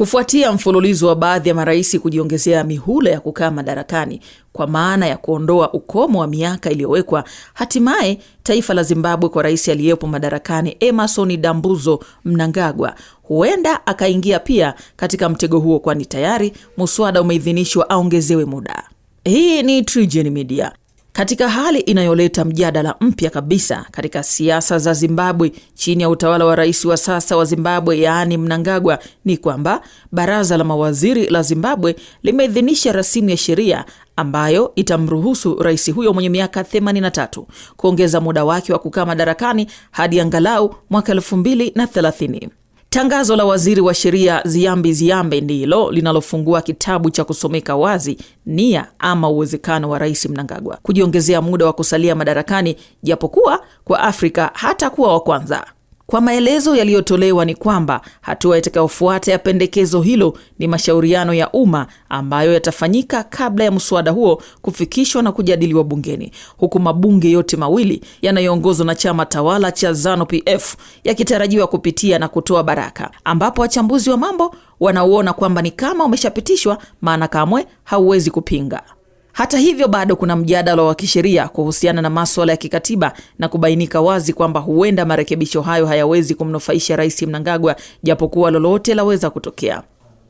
Kufuatia mfululizo wa baadhi ya marais kujiongezea mihula ya kukaa madarakani kwa maana ya kuondoa ukomo wa miaka iliyowekwa, hatimaye taifa la Zimbabwe kwa rais aliyepo madarakani emasoni Dambuzo Mnangagwa huenda akaingia pia katika mtego huo, kwani tayari muswada umeidhinishwa aongezewe muda. Hii ni TriGen Media katika hali inayoleta mjadala mpya kabisa katika siasa za Zimbabwe chini ya utawala wa rais wa sasa wa Zimbabwe, yaani Mnangagwa, ni kwamba baraza la mawaziri la Zimbabwe limeidhinisha rasimu ya sheria ambayo itamruhusu rais huyo mwenye miaka 83 kuongeza muda wake wa kukaa madarakani hadi angalau mwaka 230 Tangazo la waziri wa sheria Ziambi Ziambe ndilo linalofungua kitabu cha kusomeka wazi nia ama uwezekano wa Rais Mnangagwa kujiongezea muda wa kusalia madarakani, japokuwa kwa Afrika hata kuwa wa kwanza. Kwa maelezo yaliyotolewa ni kwamba hatua itakayofuata ya pendekezo hilo ni mashauriano ya umma ambayo yatafanyika kabla ya mswada huo kufikishwa na kujadiliwa bungeni, huku mabunge yote mawili yanayoongozwa na chama tawala cha Zanu-PF yakitarajiwa kupitia na kutoa baraka, ambapo wachambuzi wa mambo wanauona kwamba ni kama umeshapitishwa, maana kamwe hauwezi kupinga. Hata hivyo, bado kuna mjadala wa kisheria kuhusiana na maswala ya kikatiba na kubainika wazi kwamba huenda marekebisho hayo hayawezi kumnufaisha Rais Mnangagwa, japokuwa lolote laweza kutokea.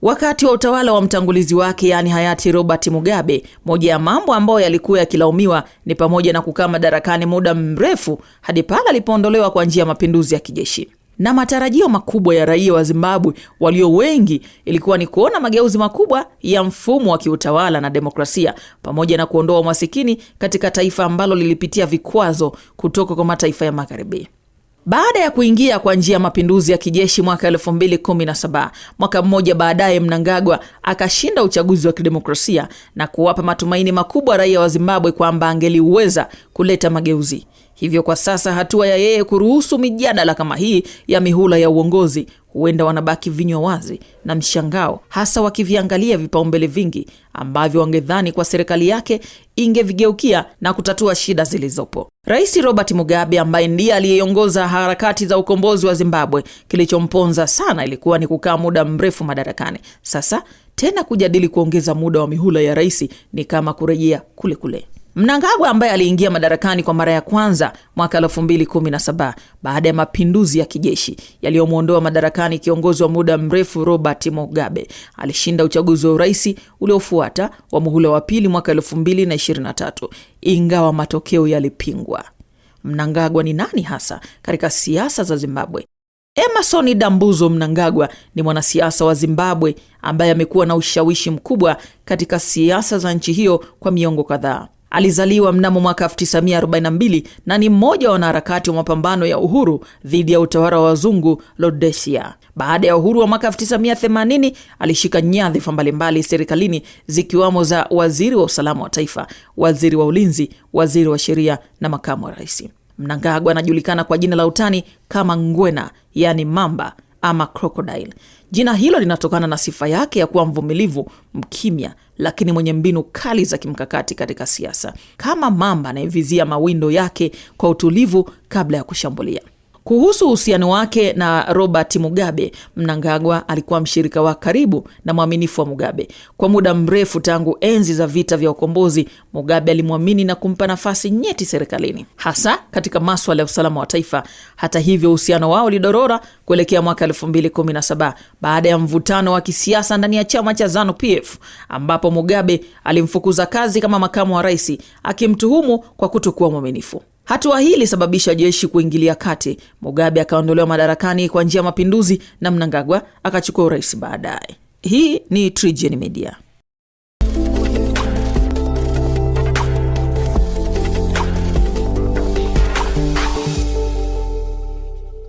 Wakati wa utawala wa mtangulizi wake yaani hayati Robert Mugabe, moja ya mambo ambayo yalikuwa yakilaumiwa ni pamoja na kukaa madarakani muda mrefu hadi pale alipoondolewa kwa njia ya mapinduzi ya kijeshi na matarajio makubwa ya raia wa Zimbabwe walio wengi ilikuwa ni kuona mageuzi makubwa ya mfumo wa kiutawala na demokrasia pamoja na kuondoa umasikini katika taifa ambalo lilipitia vikwazo kutoka kwa mataifa ya Magharibi. Baada ya kuingia kwa njia ya mapinduzi ya kijeshi mwaka elfu mbili kumi na saba, mwaka mmoja baadaye Mnangagwa akashinda uchaguzi wa kidemokrasia na kuwapa matumaini makubwa raia wa Zimbabwe kwamba angeliweza kuleta mageuzi. Hivyo kwa sasa hatua ya yeye kuruhusu mijadala kama hii ya mihula ya uongozi, huenda wanabaki vinywa wazi na mshangao, hasa wakiviangalia vipaumbele vingi ambavyo wangedhani kwa serikali yake ingevigeukia na kutatua shida zilizopo. Rais Robert Mugabe ambaye ndiye aliyeongoza harakati za ukombozi wa Zimbabwe, kilichomponza sana ilikuwa ni kukaa muda mrefu madarakani. Sasa tena kujadili kuongeza muda wa mihula ya rais ni kama kurejea kule kule. Mnangagwa ambaye aliingia madarakani kwa mara ya kwanza mwaka 2017 baada ya mapinduzi ya kijeshi yaliyomwondoa madarakani kiongozi wa muda mrefu Robert Mugabe alishinda uchaguzi wa uraisi uliofuata wa muhula wa pili mwaka 2023 ingawa matokeo yalipingwa. Mnangagwa ni nani hasa katika siasa za Zimbabwe? Emerson Dambuzo Mnangagwa ni mwanasiasa wa Zimbabwe ambaye amekuwa na ushawishi mkubwa katika siasa za nchi hiyo kwa miongo kadhaa. Alizaliwa mnamo mwaka 1942 na ni mmoja wa wanaharakati wa mapambano ya uhuru dhidi ya utawala wa wazungu Rhodesia. Baada ya uhuru wa mwaka 1980 alishika nyadhifa mbalimbali serikalini zikiwamo za waziri wa usalama wa taifa, waziri wa ulinzi, waziri wa sheria na makamu wa rais. Mnangagwa anajulikana kwa jina la utani kama Ngwena, yani Mamba ama crocodile. Jina hilo linatokana na sifa yake ya kuwa mvumilivu, mkimya, lakini mwenye mbinu kali za kimkakati katika siasa, kama mamba anayevizia mawindo yake kwa utulivu kabla ya kushambulia. Kuhusu uhusiano wake na Robert Mugabe, Mnangagwa alikuwa mshirika wa karibu na mwaminifu wa Mugabe kwa muda mrefu. Tangu enzi za vita vya ukombozi, Mugabe alimwamini na kumpa nafasi nyeti serikalini, hasa katika maswala ya usalama wa taifa. Hata hivyo, uhusiano wao ulidorora kuelekea mwaka 217 baada ya mvutano wa kisiasa ndani ya chama cha Zanu PF, ambapo Mugabe alimfukuza kazi kama makamu wa rais, akimtuhumu kwa kutokuwa mwaminifu. Hatua hii ilisababisha jeshi kuingilia kati. Mugabe akaondolewa madarakani kwa njia ya mapinduzi na Mnangagwa akachukua urais baadaye. Hii ni Media.